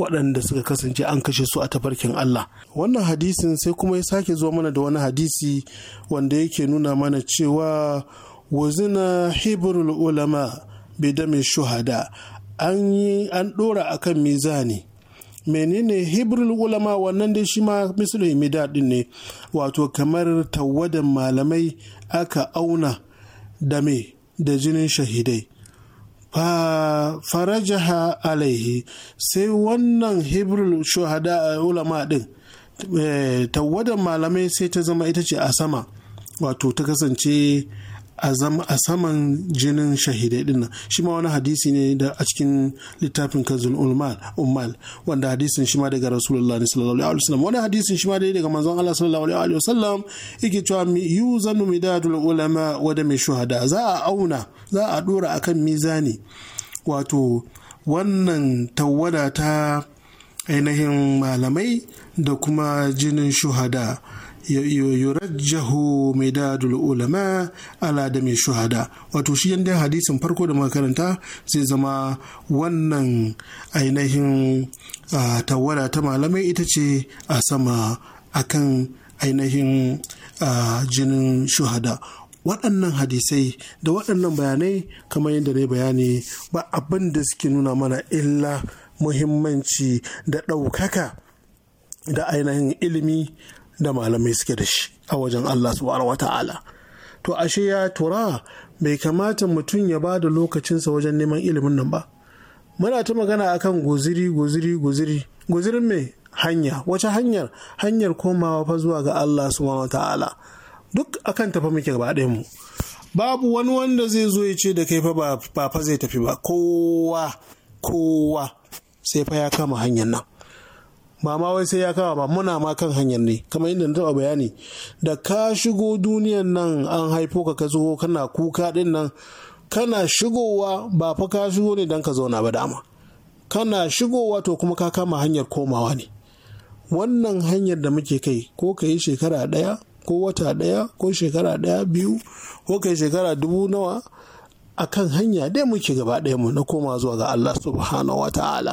A: waɗanda suka kasance an kashe su a tafarkin Allah. Wannan hadisin sai kuma ya sake zuwa mana da wani hadisi wanda yake nuna mana cewa wazina hibrul ulama bai mai shuhada an yi an dora kan mizani menene hibrul ulama wannan dai shi ma mai daɗin ne wato kamar tawadan malamai aka auna da me da jinin shahidai fa farajaha alaihi sai wannan hibrul shuhada eh, ulama din eh, tawadan malamai sai ta zama ita ce a sama wato ta kasance a saman jinin shahidai din nan shi ma wani hadisi ne da a cikin littafin kanzul ummal ummal wanda hadisin shi ma daga ne sallallahu alaihi wasallam wani hadisin shi ma dai daga manzon Allah sallallahu alaihi wasallam yake cewa yuzanu midadul ulama wa da shuhada za a auna za a dora akan mizani wato wannan tawada ta ainihin malamai da kuma jinin shuhada yurajjahu midadul ulama ala da mai shuhada wato shi yadda hadisin farko da makaranta zai zama wannan ainihin tawada ta malamai ita ce a sama akan ainihin jinin shuhada waɗannan hadisai da waɗannan bayanai kamar yadda na bayani ba abin da suke nuna mana illa muhimmanci da ɗaukaka da ainihin ilimi da malamai suke da shi a wajen Allah subhanahu wa ta'ala to ashe ya tura bai kamata mutum ya ba da lokacinsa wajen neman ilimin nan ba muna ta magana akan guziri guziri guziri gozirin mai hanya wace hanyar hanyar komawa fa zuwa ga Allah subhanahu ta'ala duk akan tafi muke gaba mu babu wani wanda zai zo ya ce da kai fa ba fa zai tafi ba kowa kowa sai fa ya kama hanyar nan ba ma wai sai ya kawo ba muna ma kan hanyar ne kamar inda na taba bayani da ka shigo duniyan nan an haifo ka ka zo kana kuka din nan kana shigowa ba fa ka shigo ne dan ka zauna ba dama kana shigowa to kuma ka kama hanyar komawa ne wannan hanyar da muke kai ko ka yi shekara ɗaya ko wata ɗaya ko shekara ɗaya biyu ko ka yi shekara dubu nawa akan hanya dai muke gaba ɗaya mu na koma zuwa ga Allah subhanahu wa ta'ala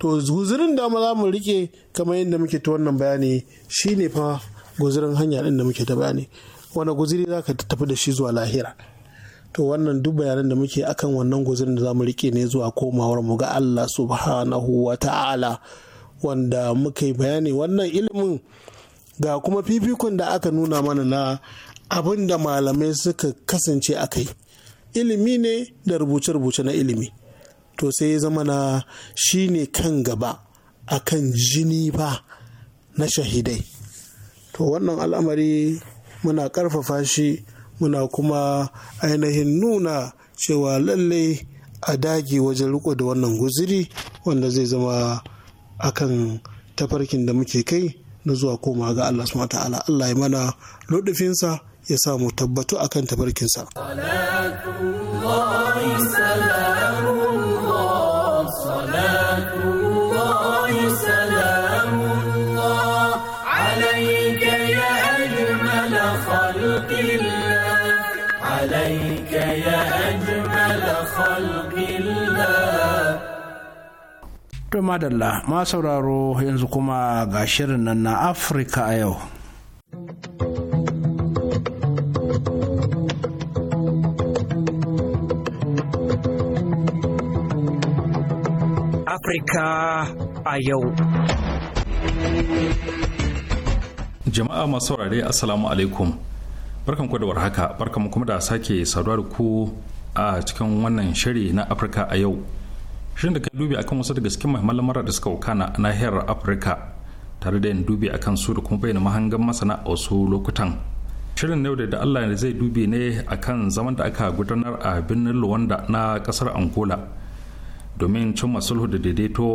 A: to guzurin da za mu rike kamar yadda muke ta wannan bayani shine fa guzurin hanya ɗin da muke ta bayani wani guziri za ka tafi da shi zuwa lahira to wannan duk bayanan da muke akan wannan guzurin da za mu rike ne zuwa komawar mu ga Allah subhanahu wa ta'ala wanda muka yi bayani wannan ilimin ga kuma fifikon da aka nuna mana na abin da malamai suka kasance a kai ilimi ne da rubuce-rubuce na ilimi to sai ya zama na shi ne kan gaba a kan jini ba na shahidai to wannan al'amari muna ƙarfafa shi muna kuma ainihin nuna cewa lallai a dage wajen riko da wannan guziri wanda zai zama akan tafarkin da muke kai na zuwa koma ga Allah su ta'ala Allah ya mana lodufinsa ya samu tabbatu akan tafarkinsa.
C: To madalla ma sauraro yanzu kuma ga shirin nan na Afirka a yau.
G: Afrika a yau. Jama'a masu saurare Assalamu alaikum. Barkan da warhaka, barkan kuma da sake saduwa da ku a cikin wannan shiri na afrika a yau. shirin da ka dubi akan wasu daga cikin muhimman lamura da suka wakana a nahiyar afirka tare da yin dubi akan su da kuma bayyana mahangan masana a wasu lokutan shirin yau da allah ne zai dubi ne akan zaman da aka gudanar a birnin luwanda na kasar angola domin cimma sulhu da daidaito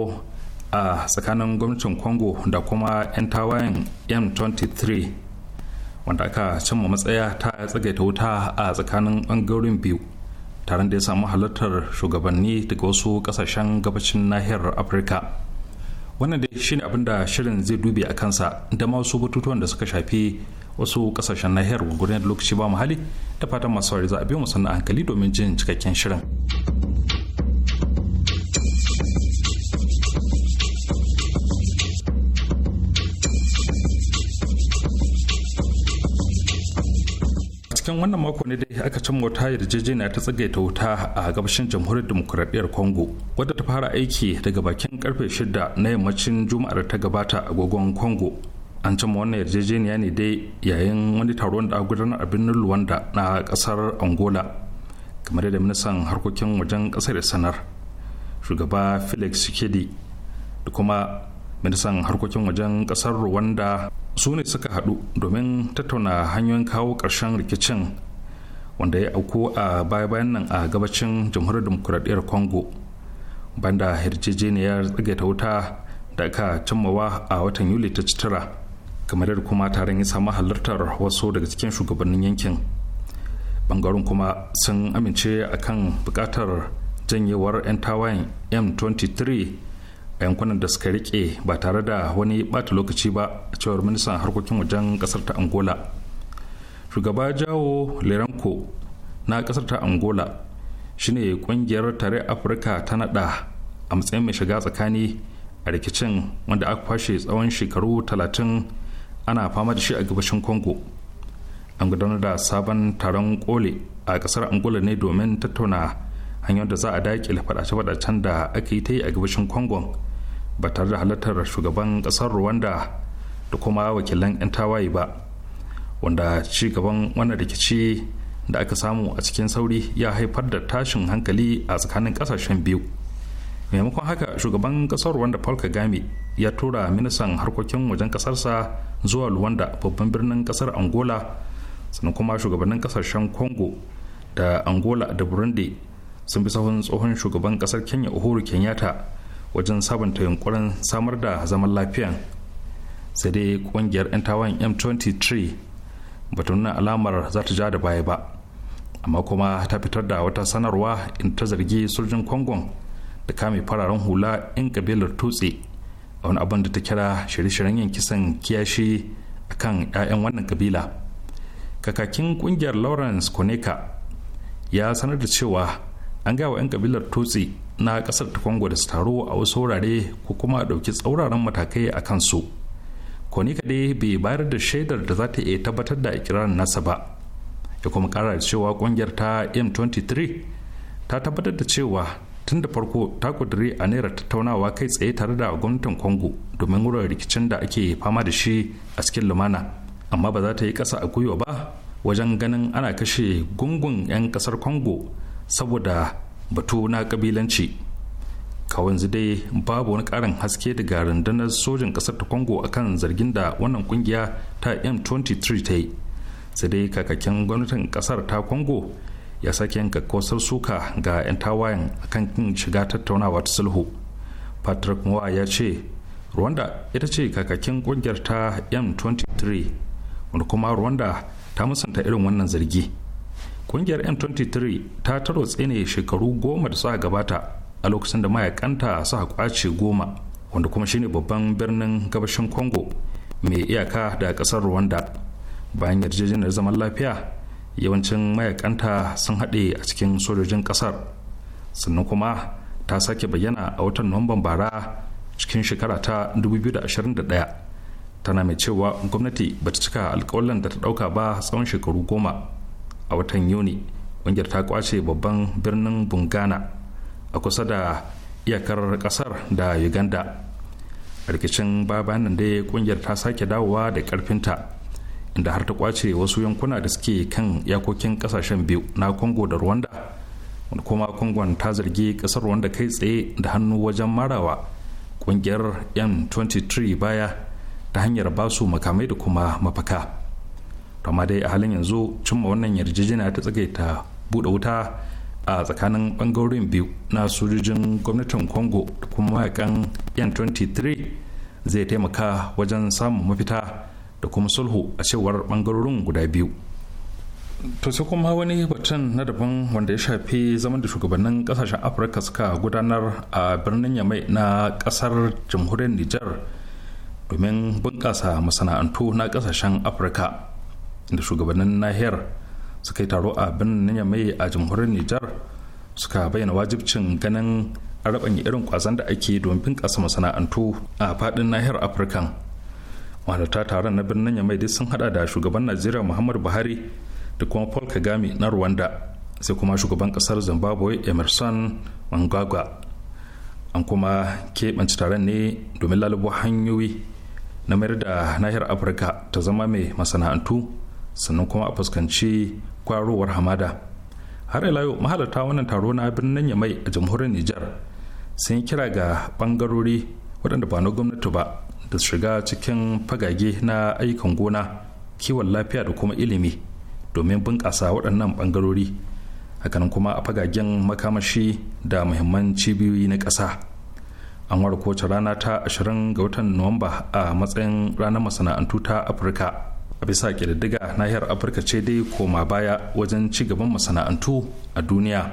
G: a tsakanin gwamnatin congo da kuma 'yan tawayen m23 wanda aka cimma matsaya ta tsagaita wuta a tsakanin bangarorin biyu taron da ya samu halartar shugabanni daga wasu kasashen gabacin nahiyar afirka wannan da shi ne abinda shirin zai dubi a kansa da ma wasu batutuwan da suka shafi wasu kasashen nahiyar gurgurin lokaci ba hali da fatan masu za a biyo musamman hankali domin jin cikakken shirin. cikin wannan mako ne dai aka cin wata yarjejeniya ta tsagaita wuta a gabashin jamhuriyar demokuraɗiyyar kongo wadda ta fara aiki daga bakin karfe 6 na yammacin juma'ar ta gabata agogon kongo an cimma wannan yarjejeniya ne dai yayin wani taron da gudanar a birnin luwanda na kasar angola kamar yadda ministan harkokin wajen kasar da sanar shugaba felix kedi da kuma ministan harkokin wajen kasar ruwanda. su ne suka haɗu domin tattauna hanyoyin kawo ƙarshen rikicin wanda ya auku a baya-bayan nan a gabacin jamhuriyar demokuraɗiyyar congo banda yarjejeniyar tsagaita wuta da aka cimmawa a watan yuli ta citara kamar yadda kuma taron ya samu halartar wasu daga cikin shugabannin yankin bangaren kuma sun amince akan bukatar janyewar 'yan tawayen m23 a yankunan da suka rike ba tare da wani bata lokaci ba a cewar ministan harkokin wajen kasar ta angola shugaba jawo leranko na kasar ta angola shine kungiyar tare afirka ta nada a matsayin mai shiga tsakani a rikicin wanda aka kwashe tsawon shekaru talatin ana fama da shi a gabashin congo an gudanar da sabon taron kole a kasar angola ne domin tattauna hanyar da za a daƙile fadace-fadacen da aka yi ta yi a gabashin congo ba tare da halartar shugaban kasar rwanda da kuma wakilan 'yan tawaye ba wanda ci gaban wannan rikici da aka samu a cikin sauri ya haifar da tashin hankali a tsakanin kasashen biyu maimakon haka shugaban kasar wanda paul kagame ya tura ministan harkokin wajen kasarsa zuwa rwanda babban birnin kasar angola sannan kuma shugabannin kasashen congo da angola da burundi sun bi sahun tsohon shugaban kasar kenya uhuru kenyatta wajen sabunta yunkurin samar da zaman lafiya sai dai kungiyar 'yan tawan m23 batun nuna alamar za ta ja da baya ba amma kuma ta fitar da wata sanarwa in ta zargi sojin kwangon da kame fararen hula 'yan kabilar tutse a wani abin da ta kira shirye-shiryen yin kisan kiyashi a kan 'ya'yan wannan kabila kakakin kungiyar lawrence koneka ya sanar da cewa an gawa 'yan kabilar tutse na kasar ta kongo da su taro a wasu wurare ko kuma ɗauki tsauraran matakai a kansu koni kaɗai bai bayar da shaidar da za ta iya tabbatar da ikirarin nasa ba ya kuma ƙara da cewa ƙungiyar ta m23 ta tabbatar da cewa tun da farko ta ƙudiri a naira tattaunawa kai tsaye tare da gwamnatin kongo domin wurin rikicin da ake fama da shi a cikin lumana amma ba za ta yi ƙasa a gwiwa ba wajen ganin ana kashe gungun 'yan ƙasar kongo saboda batu na kabilanci kawai dai babu wani karin haske daga rundunar sojin kasar ta a kan zargin da wannan kungiya ta m23 ta yi sai dai kakakin gwamnatin kasar ta congo ya sake yanka kosar suka ga 'yan tawayen akan kin shiga tattaunawa ta sulhu patrick moa ya ce rwanda ita ce kakakin kungiyar ta m23 wanda kuma rwanda ta musanta irin wannan zargi kungiyar m23 ta taro tsene shekaru goma da suka gabata a lokacin da mayakanta suka kwace goma wanda kuma shine babban birnin gabashin congo mai iyaka da kasar rwanda bayan yarjejeniyar zaman lafiya yawancin mayakanta sun haɗe a cikin sojojin kasar sannan kuma ta sake bayyana a watan nuwamban bara cikin shekara ta 2021 tana mai cewa gwamnati bata cika alkawalan da ta ɗauka ba tsawon shekaru goma a watan yuni ƙungiyar ta kwace babban birnin bungana a kusa da iyakar ƙasar da uganda a rikicin babanan dai ƙungiyar ta sake dawowa da ƙarfinta inda har ta kwace wasu yankuna da suke kan iyakokin ƙasashen biyu na congo da rwanda wanda kuma kongon ta zargi ƙasar rwanda kai tsaye da hannu wajen marawa ƙungiyar m23 baya ta hanyar basu makamai da kuma mafaka. amma dai a halin yanzu cimma wannan yarjejeniya ta ta buɗe wuta a tsakanin bangarorin biyu na sojojin gwamnatin congo da kuma mayakan yan 23 zai taimaka wajen samun mafita da kuma sulhu a cewar bangarorin guda biyu to sai kuma wani batun na daban wanda ya shafi zaman da shugabannin kasashen afirka suka gudanar a birnin yamai na kasar jamhuriyar niger domin bunƙasa masana'antu na kasashen afirka da shugabannin nahiyar suka yi taro a birnin mai a jamhuriyar nijar suka bayyana wajibcin ganin rabanya irin kwazon da ake domin kasa masana'antu a fadin nahiyar afirka wadata taron na birnin mai dai sun hada da shugaban najeriya muhammadu buhari da kuma paul kagame na rwanda sai kuma shugaban kasar zimbabwe emerson mangagwa an kuma keɓance taron ne domin lalubo hanyoyi na mayar da nahiyar afirka ta zama mai masana'antu sannan kuma a fuskanci kwarowar hamada har ila yau mahalarta wannan taro na birnin yamai a jamhuriyar nijar sun yi kira ga bangarori waɗanda ba na gwamnati ba da shiga cikin fagage na ayyukan gona kiwon lafiya da kuma ilimi domin bunƙasa waɗannan bangarori hakanan kuma a fagagen makamashi da muhimman cibiyoyi na ƙasa an ware kowace rana ta 20 ga watan nuwamba a matsayin ranar masana'antu ta afirka a bisa nahiyar afirka ce dai koma baya wajen ci gaban masana'antu a duniya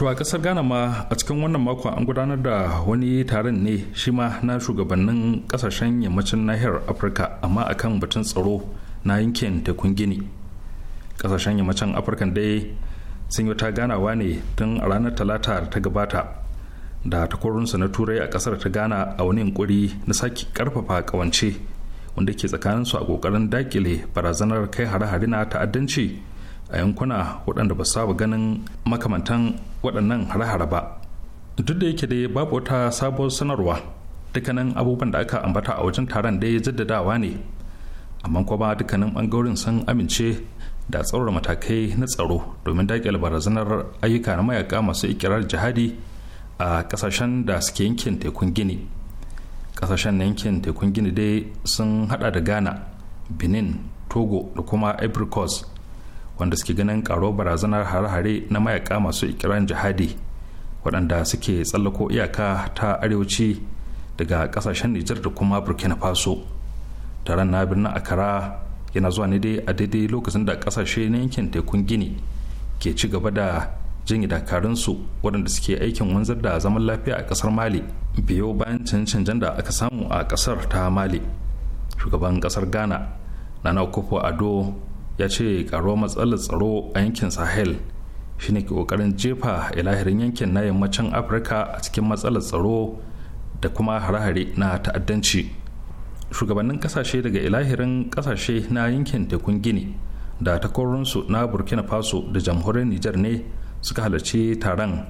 G: To a kasar Ghana ma a cikin wannan makon an gudanar da wani taron ne shi ma na shugabannin kasashen yammacin nahiyar Afirka amma akan batun tsaro na yankin tekun Gini. Kasashen yammacin Afirka dai sun yi ta ganawa ne tun a ranar talata da ta gabata da takwarorinsa na turai a kasar ta gana a wani yunkuri na sake karfafa kawance wanda ke tsakaninsu a kokarin dakile barazanar kai hare-hare na ta'addanci a yankuna waɗanda ba saba ganin makamantan waɗannan hare-hare ba duk da yake dai babu wata sabuwar sanarwa dukkanin abubuwan da aka ambata a wajen taron da ya jaddadawa ne amma kuma dukkanin bangarorin sun amince da tsaurara matakai na tsaro domin daƙile barazanar ayyuka na mayaka masu ikirar jihadi a kasashen da suke yankin tekun gini kasashen na yankin tekun gini dai sun hada da ghana benin togo da kuma ivory coast wanda suke ganin karo barazanar hare-hare na mayaka masu ikiran jihadi waɗanda suke tsallako iyaka ta arewaci daga ƙasashen nijar da kuma burkina faso taron na birnin akara yana zuwa ne dai a daidai lokacin da kasashe na yankin tekun gini ke ci gaba da jin dakarunsu waɗanda suke aikin wanzar da zaman lafiya a ƙasar mali biyo bayan cancanjan da aka samu a ƙasar ta mali shugaban ƙasar ghana nana kofo ado ya ce karuwar matsalar tsaro a yankin sahel shine ke kokarin jefa ilahirin yankin na yammacin afirka a cikin matsalar tsaro da kuma hare-hare na ta'addanci shugabannin kasashe daga ilahirin kasashe na yankin tekun gini da takwarorinsu na burkina faso da jamhuriyar niger ne suka halarci taron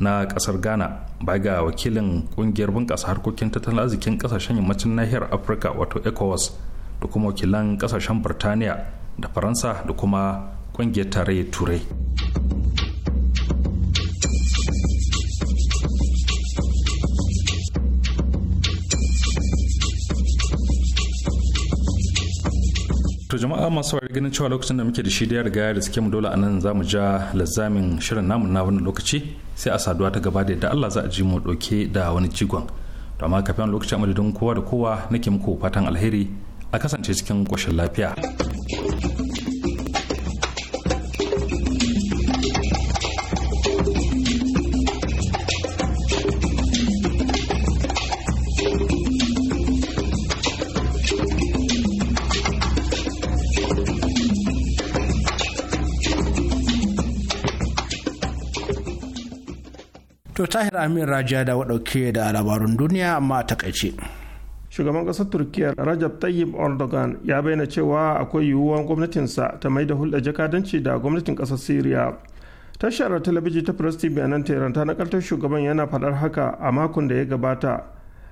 G: na kasar ghana ba ga wakilin kungiyar bunƙasa harkokin tattalin arzikin kasashen yammacin nahiyar afirka wato ecowas da kuma wakilan kasashen burtaniya da faransa da kuma kungiyar tarayyar turai to jama'a masu wari ganin cewa lokacin da muke da shi da ya riga da suke mu dole a nan za mu ja lazzamin shirin namun na wannan lokaci sai a saduwa ta gaba da yadda Allah za a ji mu ɗauke da wani jigon to amma kafin lokacin don kowa da kowa nake muku fatan alheri a kasance cikin koshin lafiya.
C: tahir amin raja da wadauke da labarun duniya amma a takaice shugaban
D: ƙasar turkiyya rajab tayyib erdogan ya bayyana cewa akwai yiwuwar gwamnatinsa ta mai da hulɗa jakadanci da gwamnatin ƙasar syria tashar talabijin ta press tv a nan tehran ta nakaltar shugaban yana faɗar haka a makon da ya gabata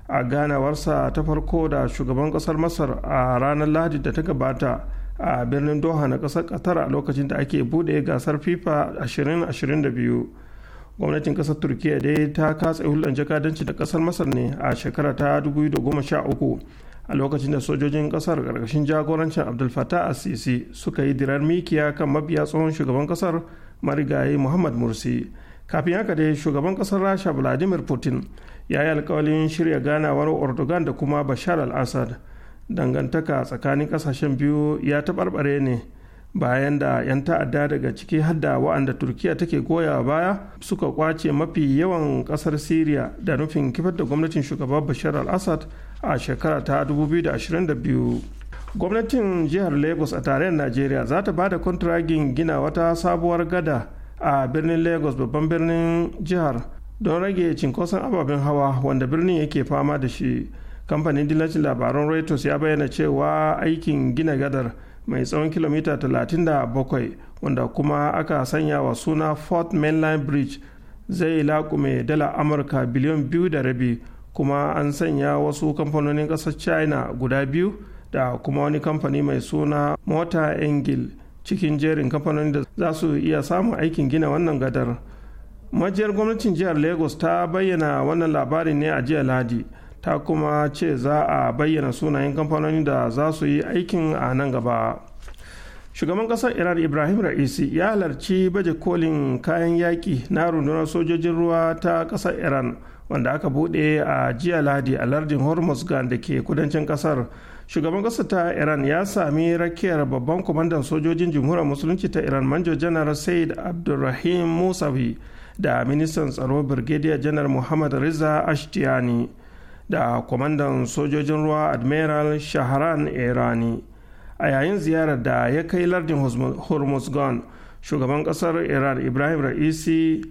D: a ganawarsa ta farko da shugaban ƙasar masar a ranar lahadi da ta gabata a birnin doha na ƙasar qatar a lokacin da ake buɗe gasar fifa 2022 gwamnatin kasar turkiya dai ta katse hulɗar jakadanci da kasar masar ne a shekara ta 2013 a lokacin da sojojin kasar ƙarƙashin jagorancin abdul fatah asisi suka yi dirar mikiya kan mabiya tsohon shugaban kasar marigayi muhammad mursi kafin haka dai shugaban kasar rasha vladimir putin ya yi alkawalin shirya ganawar erdogan da kuma bashar al-assad dangantaka tsakanin kasashen biyu ya taɓarɓare ne bayan da 'yan ta'adda daga ciki hadda wa'anda turkiya take goya baya suka kwace mafi yawan kasar syria da nufin kifar da gwamnatin shugaba bashar al-assad a shekara ta 2022 gwamnatin jihar lagos a tarayyar najeriya za ta ba da kontragin gina wata sabuwar gada a birnin lagos babban birnin jihar don rage cinkoson ababen hawa wanda birnin yake fama da shi kamfanin dillacin labaran reuters ya bayyana cewa aikin gina gadar mai tsawon kilomita 37 wanda kuma aka sanya wa suna fort mainline bridge zai laƙume dala amurka biliyon biyu da rabi kuma an sanya wasu kamfanonin ƙasar china guda biyu da kuma wani kamfani mai suna mota engil cikin jerin kamfanonin da za su iya samun aikin gina wannan gadar majiyar gwamnatin jihar lagos ta bayyana wannan labarin ne a jiya ladi ta kuma ce za a bayyana sunayen kamfanoni da za su yi aikin a nan gaba shugaban kasar iran ibrahim ra'isi ya halarci baje kolin kayan yaƙi na rundunar sojojin ruwa ta kasar iran wanda aka buɗe a jiya ladi a lardin hormuzgan da ke kudancin kasar shugaban kasar ta iran ya sami rakiyar babban kwamandan sojojin jamhuriyar musulunci ta iran manjo janar said abdulrahim musavi da ministan tsaro brigadier janar muhammad riza ashtiyani da kwamandan sojojin ruwa admiral shahran irani a yayin ziyarar da ya kai lardin hormuzgan shugaban kasar iran ibrahim ra'isi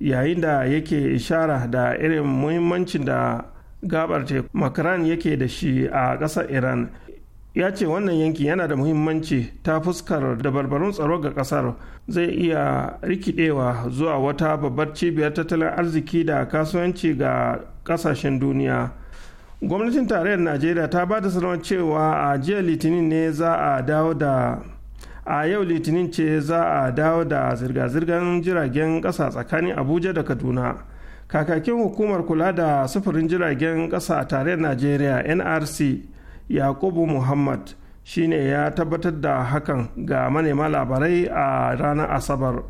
D: yayin da yake ishara da irin muhimmancin da gabar teku makaran yake da shi a kasar iran ya ce wannan yanki yana da muhimmanci ta fuskar dabarbarun tsaro ga kasar zai iya rikidewa zuwa wata babbar cibiyar tattalin arziki da kasuwanci ga kasashen duniya gwamnatin tarayyar najeriya ta ba da sanarwar cewa a jiya litinin ne za a dawo da a yau litinin ce za a dawo da zirga-zirgar jiragen ƙasa tsakanin abuja da kaduna kakakin hukumar kula da sufurin jiragen ƙasa a tarayyar najeriya nrc yakubu muhammad shine ya tabbatar da hakan ga manema labarai a ranar asabar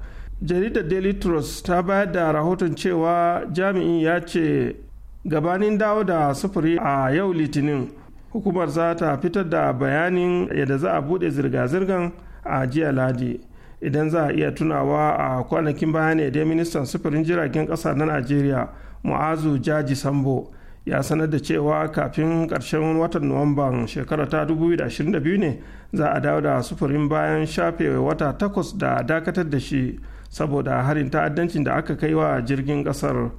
D: jaridar daily trust ta bayar da rahoton cewa jami'in ya ce gabanin dawo da sufuri a yau litinin hukumar za ta fitar da bayanin yadda za a bude zirga-zirgan a jiya ladi idan za a iya tunawa a kwanakin baya ne da ministan sufurin jiragen kasa na najeriya mu'azu jaji sambo ya sanar da cewa kafin karshen watan nuwamban shekara ta 2022 ne za a dawo da sufurin bayan shafe wata takwas da dakatar da shi saboda harin ta'addancin da aka kai wa jirgin ƙasar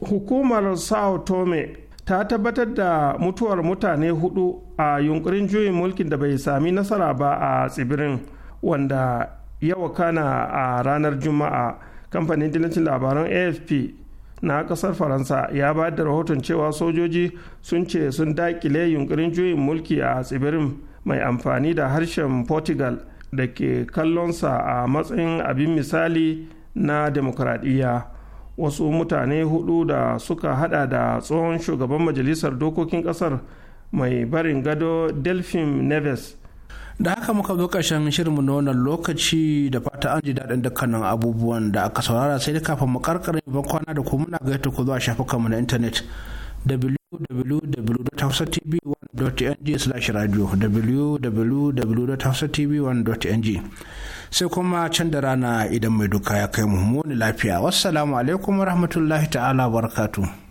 D: hukumar sao tome ta tabbatar da mutuwar mutane hudu a yunkurin juyin mulkin da bai sami nasara ba a tsibirin wanda ya kana a ranar juma'a kamfanin dillancin labaran afp na kasar faransa ya ba da rahoton cewa sojoji sun ce sun dakile yunkurin juyin mulki a tsibirin mai amfani da harshen portugal da ke kallonsa a matsayin abin misali na demokradiyya wasu mutane hudu da suka hada da tsohon shugaban majalisar dokokin kasar
C: mai barin gado delphine neves da haka muka zo karshen shirinmu na wannan lokaci da fata an ji daɗin dukkanin abubuwan da aka saurara sai da kafin mu karkare ban kwana da kuma muna gaita ku zuwa shafukanmu na intanet www.hausatv1.ng/radio wwwhausatv sai kuma can da rana idan mai duka ya kai mu lafiya wassalamu alaikum warahmatullahi ta'ala barkatu.